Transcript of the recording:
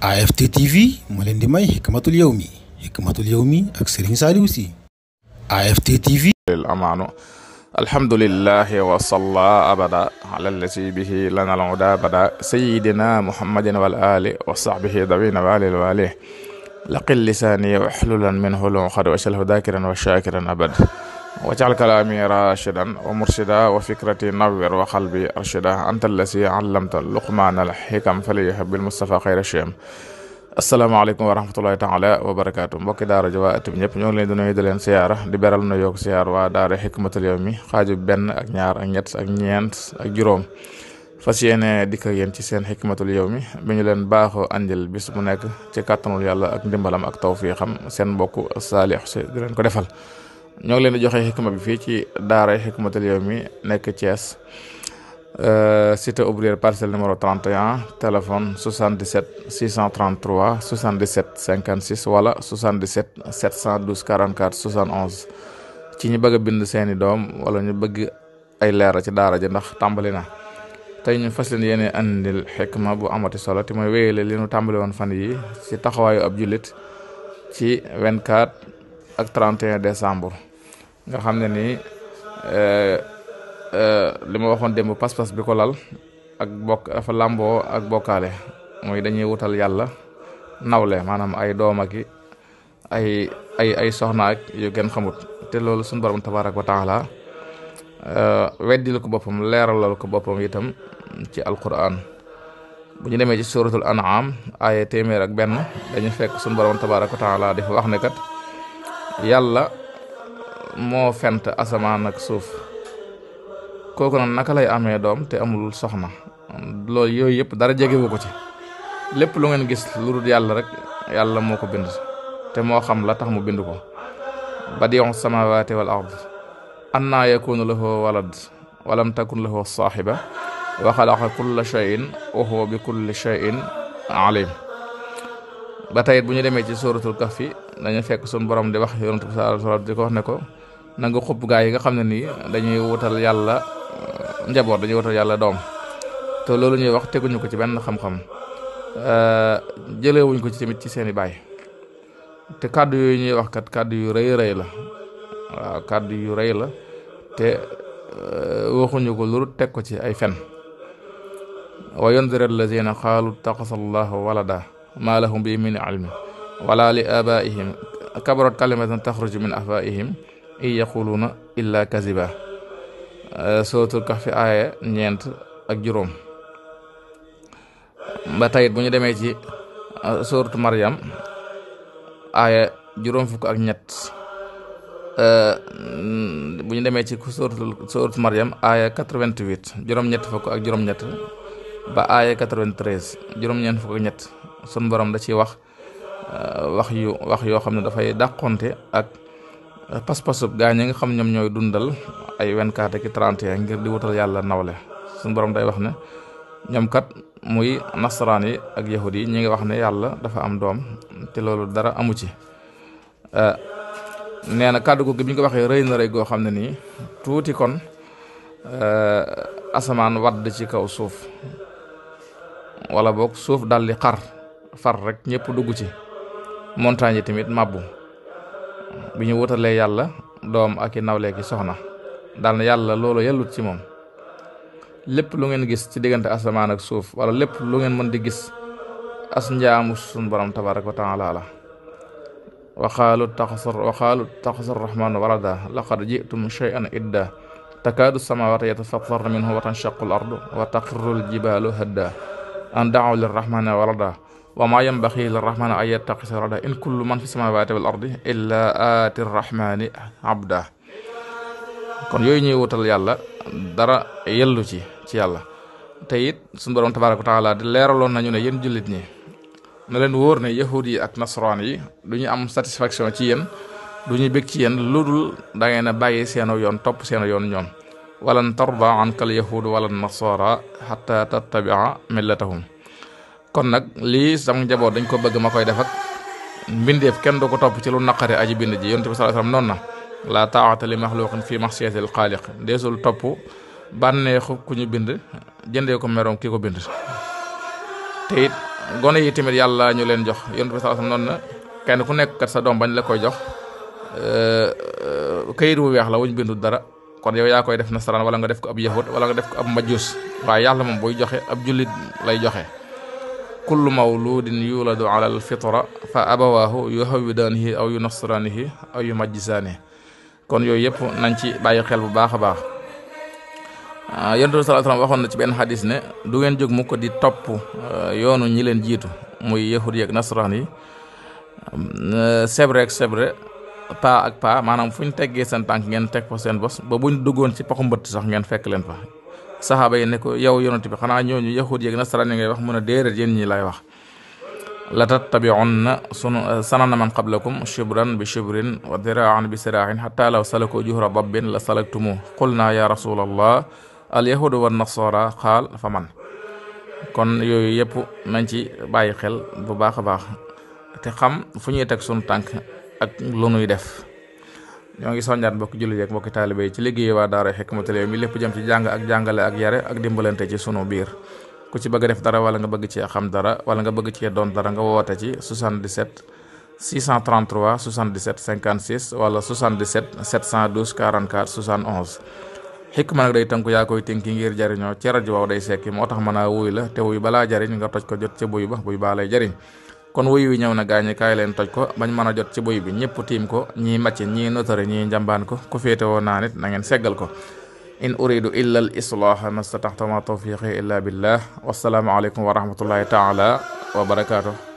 AFT TV moo leen di may Hikmatul Yawmi Hikmatul Yawmi ak Serigne Saliou Sy AFT TV amaano alhamdulillahi wa salla abada ala allati bihi lana al-huda bada sayyidina muhammadin wal ali wa sahbihi dawina wa alil wali laqil lisani wa hlulan minhu lu qad wa shal hudakiran wa shakiran abad wajal kalaami rashidan wa murshida wa fikrati nawwir wa qalbi arshida anta allasi allamta luqmaana alxikam faliyah bil mustafa xayra shiyam asalaamaaleykum wa rahmatullahi taala wa barakaatu mbokki daara ji waa ëtt ñëpp ñoo ngi leen di nuyu di leen siyaara di beral na yoog siyaar waa daara xikmatul yawmi xaaju ben ak ñaar ak ñett ak ñeent ak juróom fas yéene dikk ak yéen ci seen xikmatul yawmi bi ñu leen baaxoo àndil bis bu nekk ci kàttanul yàlla ak ndimbalam ak tawfiixam seen mbokk saalix si ko defal ñoo ngi leen di joxe xikma bi fii ci daara Hikmatul Yawmi nekk Thiès cité euh, ouvrière parcelle numéro 31 téléphone 77 633 77 56 wala 77 712 44 71 ci ñu bëgg bind seeni doom wala ñu bëgg ay leera ci daara ji ndax tàmbali na te ñu fas leen yéene andil xikma bu amati solo te mooy wéyale leenu tàmbali woon fan yi ci taxawaayu ab jullit ci 24 ak 31 décembre nga xam ne nii euh, euh, li ma waxoon démb pas-pas bi ko lal ak bokk dafa làmboo ak bokkaale mooy dañuy wutal yàlla nawle maanaam ay doom ak ay ay ay soxna ak yu gën xamut te loolu suñu borom tabaaraka wa taala euh, weddil ko boppam leeralal ko boppam itam ci alquran bu ñu demee ci suratul am aaya téeméer ak benn dañuy fekk suñu borom tabaaraka wa taala dafa wax ne kat yàlla moo fent asamaan ak suuf kooku nag naka lay amee doom te amul soxna loolu yooyu yëpp dara jegewu ko ci lépp lu ngeen gis lu yàlla rek yàlla moo ko bind te moo xam la tax mu bind ko badi'u samawati wal ard anna yakunu lahu walad walam takun lahu saaxiba wa xalaqa kulla shay'in wa huwa bi kulli shay'in alim ba tey bu ñu demee ci suratul kahfi dañu fekk suñu borom di wax yonent bi sallallahu di ko wax ne ko naga nga gaa yi nga xam ne nii dañuy wutal yàlla euh, njaboot dañuy wutal yàlla doom te loolu ñuy wax teguñu ko ci benn xam-xam euh, jëlewuñ ko ci tamit ci seeni baay te kàddu yooyu ñuy wax kat kàddu yu rëy rëy la waaw kàddu yu rëy la te euh, waxuñu ko loolu teg ko ci ay fen wa yundira allazina qaalu taqasa allahu walada ma lahum bi min ilmi wala li abaihim kabarat kalimatan taxruju min afaihim in yaquluuna illa kaziba euh, sootul kahfi aaya ñeent ak juróom ba tayit bu ñu demee ci euh, sooratu mariam aaya juróom fukk ak ñett euh, bu ñu demee ci sooratu sooratu Maryam aaya quatre-vingt-huit juróom-ñett fukk ak juróom-ñett ba aaya quatre-vingt-treize juróom-ñeent fukk ak ñett sun borom da ciy wax wax yu wax yoo xam ne dafay dàqonte ak pas-pasub gaa ñi nga xam ñoom ñooy dundal ay 24 ak 31 ngir di wutal yàlla nawle suñu borom day wax ne ñoom kat muy nasaraan yi ak yahud yi ñu ngi wax ne yàlla dafa am doom te loolu dara amu ci euh, nee na kàddu gi bi ñu ko waxee rëy na rëy goo xam ne nii tuuti kon euh, asamaan wadd ci kaw suuf wala boog suuf di xar far rek ñëpp dugg ci montagne yi tamit màbbu bi ñu wutalee yàlla doom ak i nawle soxna daal yàlla loolu yellut ci moom lépp lu ngeen gis ci diggante asamaan ak suuf wala lépp lu ngeen mën di gis as njaamu suñ borom tabaraka wa taala la waxaalu taxasar waxaalu taxasar rahmaanu walada laqad jitum shay'an idda takaadu samawatu yatafattarna minhu wa tanshaqu al ardu wa taxirru jibaalu hadda an daaw lirrahmani walada wa maa yanbaxi lirrahmaani an yattaxisa walada in kullu man fi samaawaati wal ardi illaa aati rrahmaani abda kon yooyu ñuy wutal yàlla dara yellu ci ci yàlla te it suñu borom tabaaraka wa taala di leeraloon nañu ne yéen jullit ñi na leen wóor ne yahud yi ak nasaraan yi du ñu am satisfaction ci yéen du ñu bég ci yéen lu dul da ngeen a bàyyi seenu yoon topp seenu yoon ñoom walan tarda anka al yahuud wala nasara xata tattabia millatahum kon nag lii sama njaboot dañ ko bëgg ma koy def ak mbindeef kenn du ko topp ci lu naqare aji bind ji yonent bi sallallahu alayhi wasallam na laa taa'ata li maxluqin fi maxsiyatil xaaliq deesul topp banneexu ku ñu bind jëndee ko meroom ki ko bind te it gone yi tamit yàlla ñu leen jox yonent bi sallallahu alayhi na kenn ku nekk kat sa doom bañ la koy jox euh, këyit wu weex la wuñ bindu dara kon yow yaa koy def nasaraan wala nga def ko ab yahud wala nga def ko ab majus waaye yàlla moom buy joxe ab jullit lay joxe kullu mawludin yuladu ala alfitra fa abawaahu yu hawidaanihi aw yu nasraanihi aw yu saane kon yooyu yëpp nañ ci bàyyi xel bu baax a baax ah, yonent bi sallallahu alayhi waxoon na ci benn xadis ne du ngeen jóg mu ko di topp ah, yoonu ñi leen jiitu muy yahud yeeg nasoraan yi eh, sebre ak sebre pa ak pa maanaam fu ñu teggee seen tànk ngeen teg fa seen bos ba buñ duggoon ci paxu mbëtt sax ngeen fekk leen fa saxaaba yi ne ko yow yonent bi xanaa ñooñu yahud yeeg nasaraan yi ngay wax mun a déedéet yéen ñi lay wax la tattabi'unna sunu euh, sanana man qablakum shibran bi shibrin wa dira'an bi sira'in hatta law salaku juhra dabbin la salaktumu qulna ya rasulallah al yahudu wa nasara qaal fa man kon yooyu yëpp nañ ci bàyyi xel bu baax a baax te xam fu ñuy teg sunu tànk ak lu nuy def ñoo ngi soññaat mbokki jullit ak mbokki taalibe yi ci liggéey waa daara Hikmatul Yawmi lépp jëm ci jàng ak jàngale ak yare ak dimbalante ci sunu biir ku ci bëgg def dara wala nga bëgg cee xam dara wala nga bëgg cee doon dara nga woote ci 77 633 77 56 wala 77 712 44 71 xikma nag day tënku yaa koy tënki ngir jariñoo ci rajo waaw day sekki moo tax mën a wuy la te wuy balaa jariñ nga toj ko jot ci buy ba buy baa lay jariñ kon wuy wi ñëw na gaañi kaay leen toj ko bañ mën a jot ci buy bi ñëpp tiim ko ñii macc ñii notari ñii njambaan ko ku féete woon naa nit nangeen seggal ko in uridu illa al islaaha mastataxtama tawfiqi illa billah wassalaamu aleykum wa rahmatullahi taala wa barakatuh